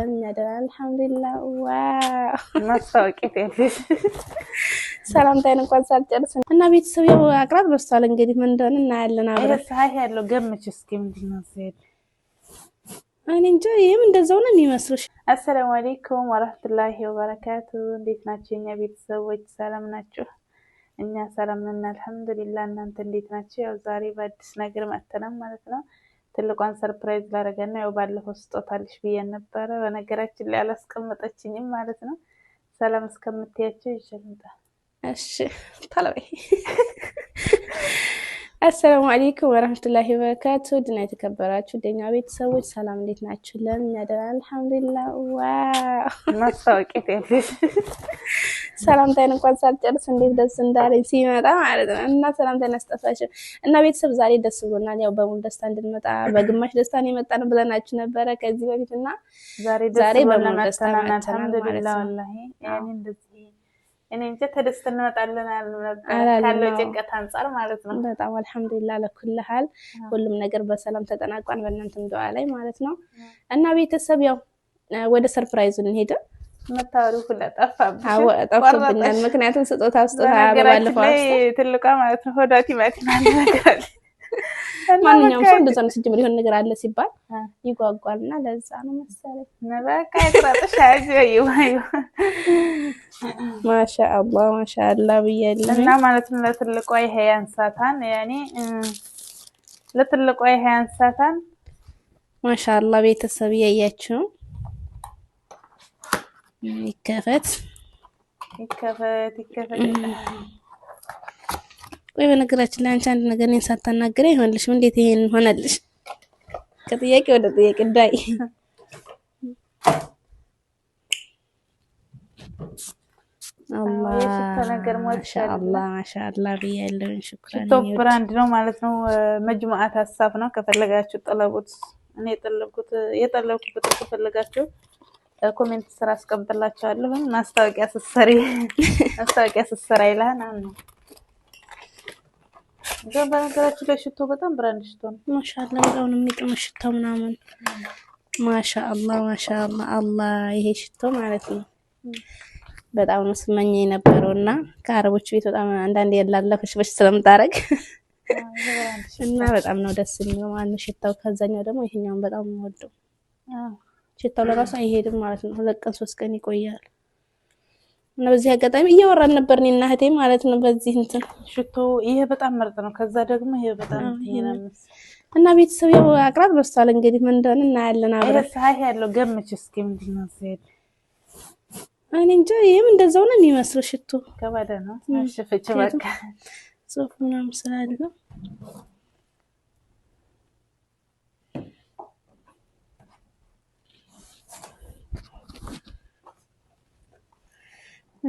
አልሐምዱሊላህ ሰላምታይን እንኳን ሳልጨርስ እና ቤተሰብ ያው አቅራት በስቷል። እንግዲህ ምን እንደሆነ እናያለን። ፀሐይ ያለው ገምች እስኪ ምንድን እኔ እንጃ። ይህም እንደዛው ነው የሚመስልሽ። አሰላሙ አሌይኩም ወረህመቱላሂ ወበረካቱ። እንዴት ናቸው የኛ ቤተሰቦች? ሰላም ናችሁ? እኛ ሰላም ነን አልሐምዱሊላህ። እናንተ እንዴት ናቸው? ያው ዛሬ በአዲስ ነገር መጥተናል ማለት ነው ትልቋን ሰርፕራይዝ ላረገና ያው ባለፈው ስጦታልሽ ብዬ ነበረ። በነገራችን ላይ አላስቀመጠችኝም ማለት ነው። ሰላም እስከምትያቸው ይችላል። እሺ ታለበይ አሰላሙ አሌይኩም ወረህመቱላሂ በረካቱ ድና የተከበራችሁ ደኛ ቤተሰቦች ሰላም፣ እንዴት ናችሁለን? እኛ ደህና አልሐምዱሊላህ። ዋው ሰላምታይን እንኳን ሳልጨርስ እንዴት ደስ እንዳለኝ ሲመጣ ማለት ነው። እና ሰላምታይን አስጠፋችሁ እና ቤተሰብ ዛሬ ደስ ብሎናል። ያው በሙሉ ደስታ እንድንመጣ በግማሽ ደስታ ነው የመጣነው ብለናችሁ ነበረ ከዚህ በፊት እና ዛሬ በሙሉ ደስታ ማለት ነው። እኔ እንጃ ተደስተ እንመጣልናል ካለው ጭንቀት አንጻር ማለት ነው። በጣም አልሐምዱሊላህ ለኩልሃል ሁሉም ነገር በሰላም ተጠናቋን በእናንተም ደዋ ላይ ማለት ነው። እና ቤተሰብ ያው ወደ ሰርፕራይዙ እንሄድም መታወሪው ሁላ ጠፋብኝ፣ ምክንያቱም ስጦታ ስጦታ ባለፈው ትልቋ ማለት ነው ሆዷ ቲማቲም አለ ማንኛውም ሰው እንደዛ ነው ሲጀምር፣ የሆነ ነገር አለ ሲባል ይጓጓል እና ለዛ ነው መሰለኝ። በቃ ማሻአላ ማሻአላ ብያለሁ እና ማለት ነው ለትልቋ ይሄ ያንሳታን፣ ያኔ ለትልቋ ይሄ ያንሳታን። ማሻአላ ቤተሰብ እያያችሁ ይከፈት ይከፈት ይከፈት ቆይ በነገራችን ላይ አንቺ አንድ ነገር እኔን ሳታናግረኝ አይሆንልሽም። እንዴት ይሄን ሆነልሽ? ከጥያቄ ወደ ጥያቄ ዳይ ብራንድ ነው ማለት ነው። መጅሙዓት ሀሳብ ነው። ከፈለጋችሁ ጠለቡት። እኔ የጠለብኩት የጠለብኩት ከፈለጋችሁ ኮሜንት ስራ አስቀምጥላችኋለሁ። ማስታወቂያ ስሰሪ ማስታወቂያ ስሰራ ይላል ነው በነገራችን ላይ ሽቶ በጣም ብራንድ ሽቶ ነው። በጣም ነው ሽቶ ምናምን ማሻአላ ማሻአላ አላ ይሄ ሽቶ ማለት ነው። በጣም ነው ስመኝ የነበረው እና ከአረቦች ቤት በጣም አንዳንዴ ያላላ ስለምታረግ እና በጣም ነው ደስ የሚለው ማለት ነው ሽታው። ከዛኛው ደግሞ ይሄኛውን በጣም ወደው ሽታው ለራሱ አይሄድም ማለት ነው። ሁለት ቀን ሶስት ቀን ይቆያል። እና በዚህ አጋጣሚ እያወራን ነበር እና እህቴ ማለት ነው። በዚህ እንትን ሽቶ ይሄ በጣም ምርጥ ነው። ከዛ ደግሞ ይሄ በጣም እና ቤተሰብ ያው አቅራት በስቷል። እንግዲህ ምን እንደሆነ እናያለን አብረን። ይሄ ያለው ገምች እስኪ ምንድን ነው ዘይት እኔ እንጃ። ይሄም እንደዛው ነው የሚመስለው ሽቶ ከባደ ነው ሽፍጭ በቃ ጽሁፍ ምናምን ስላለው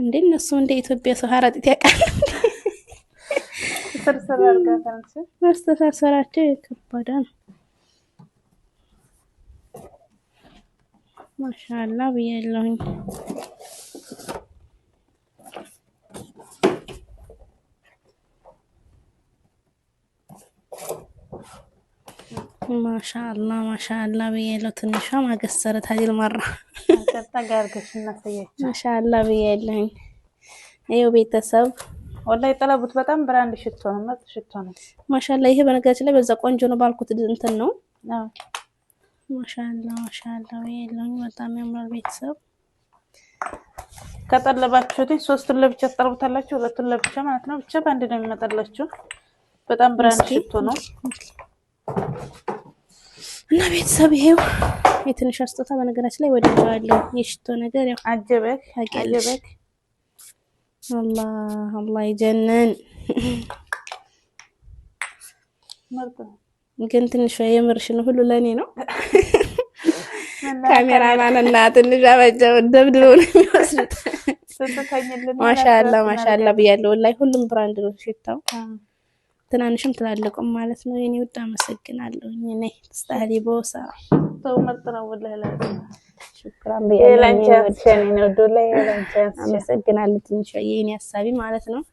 እንዴ እነሱ እንደ ኢትዮጵያ ሰው ሀራጢት ያውቃል። አስተሳሰራቸው የከበደ ነው። ማሻላ ብያለሁኝ። ማሻአላ ማሻአላ ብያለው። ትንሿ ማገሰረት ሀዲል መራ ማሻላ ብያለኝ። ይኸው ቤተሰብ ወላሂ ጠለቡት። በጣም ብራንድ ሽቶ ነው፣ ምርጥ ሽቶ ነው። ማሻላ ይሄ በነገራችን ላይ በዛ ቆንጆ ነው ባልኩት እንትን ነው። ማሻላ ማሻላ ብያለኝ። በጣም ያምራል ቤተሰብ ከጠለባችሁት ሶስቱን ለብቻ ትጠርቡታላችሁ፣ ሁለቱን ለብቻ ማለት ነው። ብቻ በአንድ ነው የሚመጣላችሁ። በጣም ብራንድ ሽቶ ነው። እና ቤተሰብ ይሄው የትንሽ ስጦታ በነገራችን ላይ ወደ ያለው የሽቶ ነገር ያው አጀበክ አጀበክ አላህ አላህ ይጀነን። ግን ትንሿ የምርሽ ነው፣ ሁሉ ለኔ ነው። ካሜራማን እና ትንሿ በጀው ደብድበው ነው የሚወስዱት። ማሻአላ ማሻአላ ብያለሁ ላይ ሁሉም ብራንድ ነው ሽታው ትናንሽም ትላልቁም ማለት ነው። የኔ ውድ አመሰግናለሁ። እኔ ስታሊ ቦሳ ሰው መርጥ ነው። ወላሂ አመሰግናለሁ። ትንሽ የኔ ሀሳቢ ማለት ነው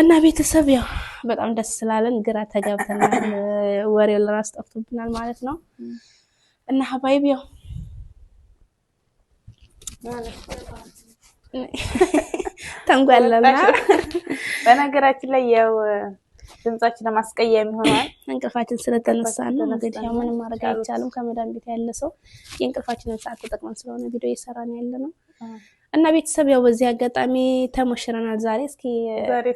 እና ቤተሰብ ያው በጣም ደስ ስላለን ግራ ተገብተናል፣ ወሬው ለራስ ጠፍቶብናል ማለት ነው እና ሀባይብ ያው ተንጓለና በነገራችን ላይ ያው ድምጻችን ለማስቀየም ይሆናል። እንቅልፋችን ስለተነሳ ነው። እንግዲህ ያው ምንም ማድረግ አይቻልም። ከመዳን ቤት ያለ ሰው የእንቅልፋችንን ሰዓት ተጠቅመን ስለሆነ ቪዲዮ እየሰራን ያለ ነው እና ቤተሰብ ያው በዚህ አጋጣሚ ተሞሽረናል። ዛሬ እስኪ ዛሬ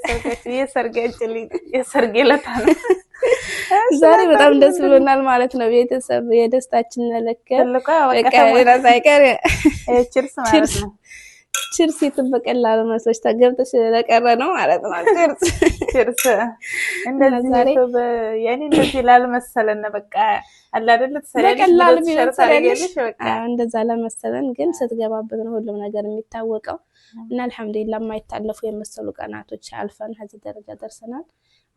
የሰርጌ ለታ ነው። ዛሬ በጣም ደስ ብሎናል ማለት ነው ቤተሰብ የደስታችን ለከ ልቆ ሳይቀር ችርስ ማለት ነው ችርስ የትም በቀላሉ መስሎች ተገብተሽ ስለቀረ ነው ማለት ነው። ችርስ ችርስ እንደዚህ የኔ እንደዚህ ላልመሰለን በቃ አለ አይደል በቀላሉ እንደዛ ለመሰለን ግን ስትገባበት ነው ሁሉም ነገር የሚታወቀው እና አልሐምዱሊላ የማይታለፉ የመሰሉ ቀናቶች አልፈን ከዚህ ደረጃ ደርሰናል።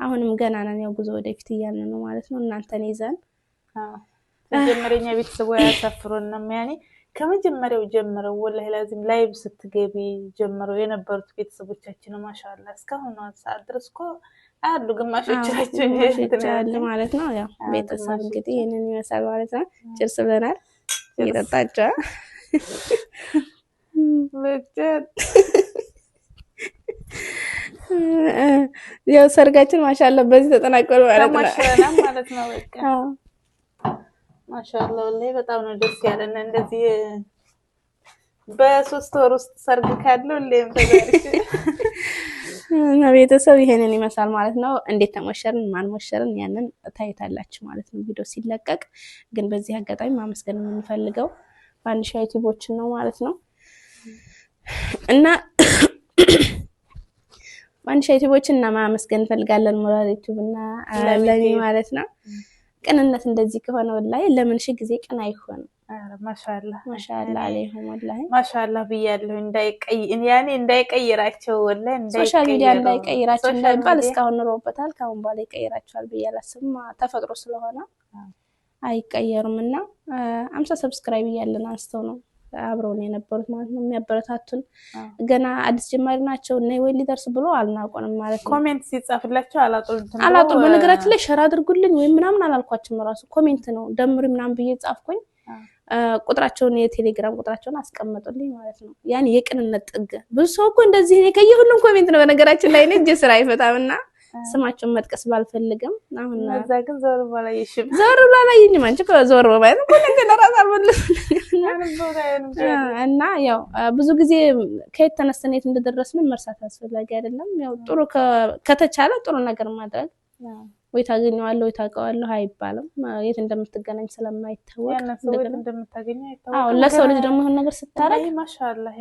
አሁንም ገና ነን፣ ያው ጉዞ ወደፊት እያልን ነው ማለት ነው። እናንተን ይዘን ጀምረኛ ቤተሰቦ ያሳፍሩንም ያኔ ከመጀመሪያው ጀምረው ወላሂ ላዚም ላይቭ ስትገቢ ጀምረው የነበሩት ቤተሰቦቻችን ማሻላ እስካሁኑ ሰዓት ድረስ እኮ አሉ። ግማሾቻቸው ማለት ነው። ያው ቤተሰብ እንግዲህ ይህንን ይመስላል ማለት ነው። ጭርስ ብለናል። እየጠጣቸው ያው ሰርጋችን ማሻላ በዚህ ተጠናቀሉ ማለት ነው። ማሻላ ወላሂ በጣም ነው ደስ ያለን። እንደዚህ በሶስት ወር ውስጥ ሰርግ ካለው ለም ቤተሰብ ይሄንን ይመስላል ማለት ነው። እንዴት ተሞሸርን ማን ሞሸርን ያንን ታይታላችሁ ማለት ነው ቪዲዮ ሲለቀቅ። ግን በዚህ አጋጣሚ ማመስገን የምንፈልገው በአንድ ሺህ ዩቲዩቦችን ነው ማለት ነው እና በአንድ ዩቲዩቦችን እና ማመስገን እንፈልጋለን ሞራል ዩቲዩብ እና ለሚ ማለት ነው ቅንነት እንደዚህ ከሆነ ወላሂ ለምን ሺህ ጊዜ ቅን አይሆንም። ማሻላ ማሻላ አለይሁም ብያለሁ። እንዳይቀይራቸው ሶሻል ሚዲያ እንዳይቀይራቸው እንዳይባል እስካሁን ኑሮበታል። ከአሁን በኋላ ይቀይራቸዋል ብዬ አላስብም። ተፈጥሮ ስለሆነ አይቀየሩም እና አምሳ ሰብስክራይብ እያለን አንስተው ነው አብረውን የነበሩት ማለት ነው የሚያበረታቱን። ገና አዲስ ጀማሪ ናቸው እና ወይ ሊደርስ ብሎ አልናቆንም ማለት ነው። ኮሜንት ሲጻፍላቸው አላጡ። በነገራችን ላይ ሸር አድርጉልኝ ወይም ምናምን አላልኳቸውም። ራሱ ኮሜንት ነው ደምሪ ምናምን ብዬ ጻፍኩኝ። ቁጥራቸውን የቴሌግራም ቁጥራቸውን አስቀመጡልኝ ማለት ነው። ያን የቅንነት ጥግ ብዙ ሰው እኮ እንደዚህ ከየሁሉም ኮሜንት ነው በነገራችን ላይ እኔ እጄ ስራ አይፈታም እና ስማቸውን መጥቀስ ባልፈልግም አሁን እዛ ግን ዞር ባላየሽም ዞር ባላየኝም አንቺ ዞር ባይ እና ያው ብዙ ጊዜ ከየት ተነስተን የት እንደደረስንም መርሳት አስፈላጊ አይደለም። ያው ጥሩ ከተቻለ ጥሩ ነገር ማድረግ ወይ ታገኘዋለህ ወይ ታውቀዋለህ አይባልም። የት እንደምትገናኝ ስለማይታወቅ ለሰው ልጅ ደግሞ የሆነ ነገር ስታረግ ማሻአላህ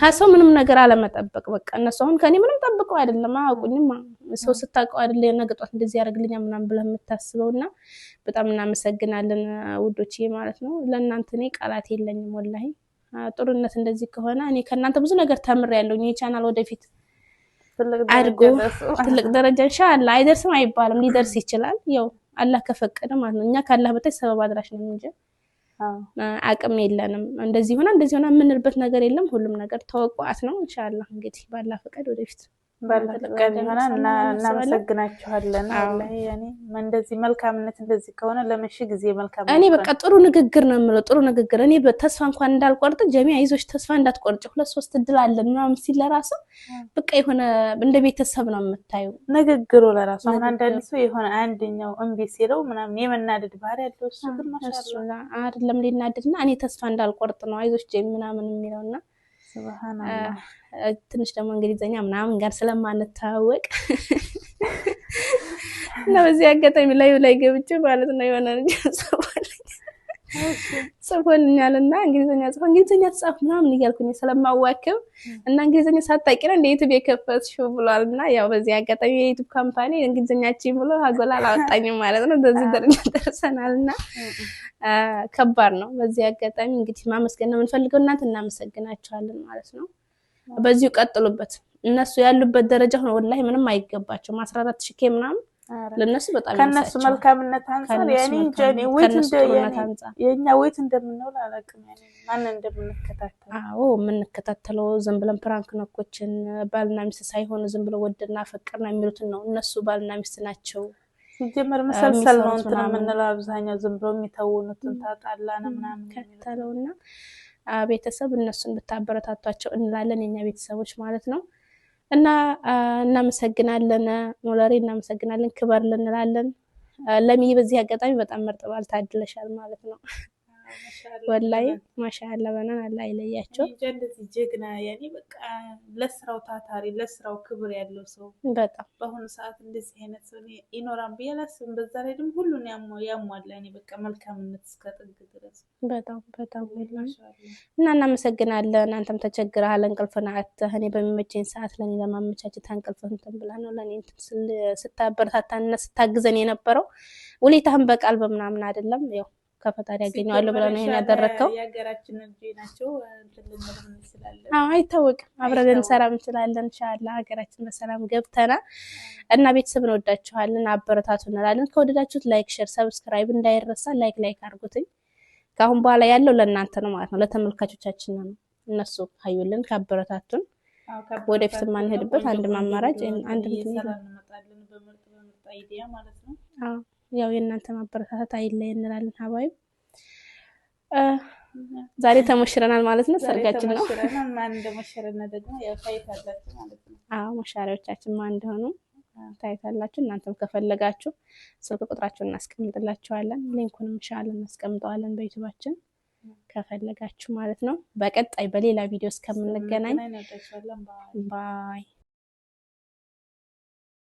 ከሰው ምንም ነገር አለመጠበቅ በቃ እነሱ አሁን ከኔ ምንም ጠብቀው አይደለም አያውቁኝም። ሰው ስታውቀው አይደለ የነገ ጧት እንደዚህ ያደርግልኛል ምናምን ብለህ የምታስበው እና በጣም እናመሰግናለን ውዶች ማለት ነው። ለእናንተ እኔ ቃላት የለኝም ወላሂ ጥሩነት እንደዚህ ከሆነ እኔ ከእናንተ ብዙ ነገር ተምሬያለሁ። ይህ ቻናል ወደፊት አድጎ ትልቅ ደረጃ እንሻላ አይደርስም አይባልም፣ ሊደርስ ይችላል። ያው አላህ ከፈቀደ ማለት ነው። እኛ ከአላህ በታች ሰበብ አድራሽ ነው እንጂ አቅም የለንም። እንደዚህ ሆና እንደዚህ ሆና የምንልበት ነገር የለም። ሁሉም ነገር ተወቋት ነው። እንሻላ እንግዲህ ባላ ፈቃድ ወደፊት ባለቀን እናመሰግናችኋለን። እንደዚህ መልካምነት እንደዚህ ከሆነ ለመሽ ጊዜ መልካም እኔ በቃ ጥሩ ንግግር ነው የምለው፣ ጥሩ ንግግር። እኔ ተስፋ እንኳን እንዳልቆርጥ ጀሚ ይዞች ተስፋ እንዳትቆርጭ ሁለት ሶስት እድል አለ ምናምን ሲል ለራሱ በቃ የሆነ እንደ ቤተሰብ ነው የምታዩ ንግግሩ ለራሱ። አሁን አንዳንድ ሰው የሆነ አንደኛው እምቢ ሲለው ምናምን የመናደድ ባህሪ ያለው እሱ ግን አይደለም ሊናደድና እኔ ተስፋ እንዳልቆርጥ ነው አይዞች ጀሚ ምናምን የሚለውና ትንሽ ደግሞ እንግሊዝኛ ምናምን ጋር ስለማንተዋወቅ እና በዚህ አጋጣሚ ላይ ላይ ገብቼ ማለት ነው የሆነ ሰው ጽፎልኛል እንግሊዝኛ ጽፎ እንግሊዝኛ ትጻፍ ምናምን እያልኩኝ ስለማዋክብ እና እንግሊዝኛ ሳታቂ ነው እንደ ዩቱብ የከፈትሽው ብሏል። እና ያው በዚህ አጋጣሚ የዩቱብ ካምፓኒ እንግሊዝኛችን ብሎ አጎላ አላወጣኝም ማለት ነው። በዚህ ደረጃ ደርሰናል እና ከባድ ነው። በዚህ አጋጣሚ እንግዲህ ማመስገን ነው የምንፈልገው። እናንተ እናመሰግናቸዋለን ማለት ነው። በዚሁ ቀጥሉበት። እነሱ ያሉበት ደረጃ ሆነ ወላሂ ምንም አይገባቸውም። አስራ አራት ሺህ ምናምን ለነሱ በጣም ከነሱ መልካምነት አንጻር የኔ ጀኒ ወይት እንደ የኛ ወይት እንደምንውል አላውቅም። ያኔ ማን እንደምንከታተል አዎ፣ የምንከታተለው ዝም ብለን ፕራንክ ነኮችን ባልና ሚስት ሳይሆን ዝም ብሎ ወደና ፈቅርና የሚሉትን ነው። እነሱ ባልና ሚስት ናቸው። ሲጀመር መሰልሰል ነው እንትን የምንለው አብዛኛው ዝም ብሎ የሚተውኑትን ታጣላን ምናምን ከተለውና ቤተሰብ እነሱን ብታበረታቷቸው እንላለን የኛ ቤተሰቦች ማለት ነው። እና እናመሰግናለን። ሞለሪ እናመሰግናለን። ክበር ልንላለን። ለሚ በዚህ አጋጣሚ በጣም ምርጥ ባል ታድለሻል ማለት ነው። ወላይ ማሻላ በናን አላ ይለያቸው። እንደዚህ ጀግና ያኔ በቃ ለስራው ታታሪ ለስራው ክብር ያለው ሰው በጣም በአሁኑ ሰዓት እንደዚህ አይነት ሰው ይኖራል ብዬ አላስብም። በዛ ላይ ደግሞ ሁሉን ያሟላ እኔ በቃ መልካምነት እስከ ጥግ ድረስ በጣም በጣም እና እናመሰግናለን። እናንተም ተቸግረሃል፣ እንቅልፍን አጥተህ እኔ በሚመቸኝ ሰዓት ለእኔ ለማመቻቸት እንቅልፍህን እንትን ብላ ነው ለእኔ ስታበረታታንና ስታግዘን የነበረው ውለታህን በቃል በምናምን አይደለም ያው ከፈጣሪ ያገኘዋለሁ ብለ ነው ይሄን ያደረግከው። አይታወቅም፣ አብረን ልንሰራ እንችላለን። እንሻላ ሀገራችን በሰላም ገብተና እና ቤተሰብ እንወዳችኋለን፣ አበረታቱ እንላለን። ከወደዳችሁት ላይክ፣ ሼር፣ ሰብስክራይብ እንዳይረሳ። ላይክ ላይክ አድርጉትኝ። ከአሁን በኋላ ያለው ለእናንተ ነው ማለት ነው፣ ለተመልካቾቻችን ነው። እነሱ ካዩልን ከአበረታቱን ወደፊት ማንሄድበት አንድ አማራጭ አንድ ነው። ያው የእናንተ ማበረታታት አይለይ እንላለን። ሀባይም ዛሬ ተሞሽረናል ማለት ነው። ሰርጋችን ነው። ማን ደግሞ ያው ማለት ነው። አዎ መሻሪያዎቻችን ማን እንደሆኑ ታይታላችሁ። እናንተም ከፈለጋችሁ ስልክ ቁጥራችሁን እናስቀምጥላችኋለን። ሊንኩንም ኢንሻአላህ እናስቀምጠዋለን በዩቲዩባችን ከፈለጋችሁ ማለት ነው። በቀጣይ በሌላ ቪዲዮ እስከምንገናኝ ባይ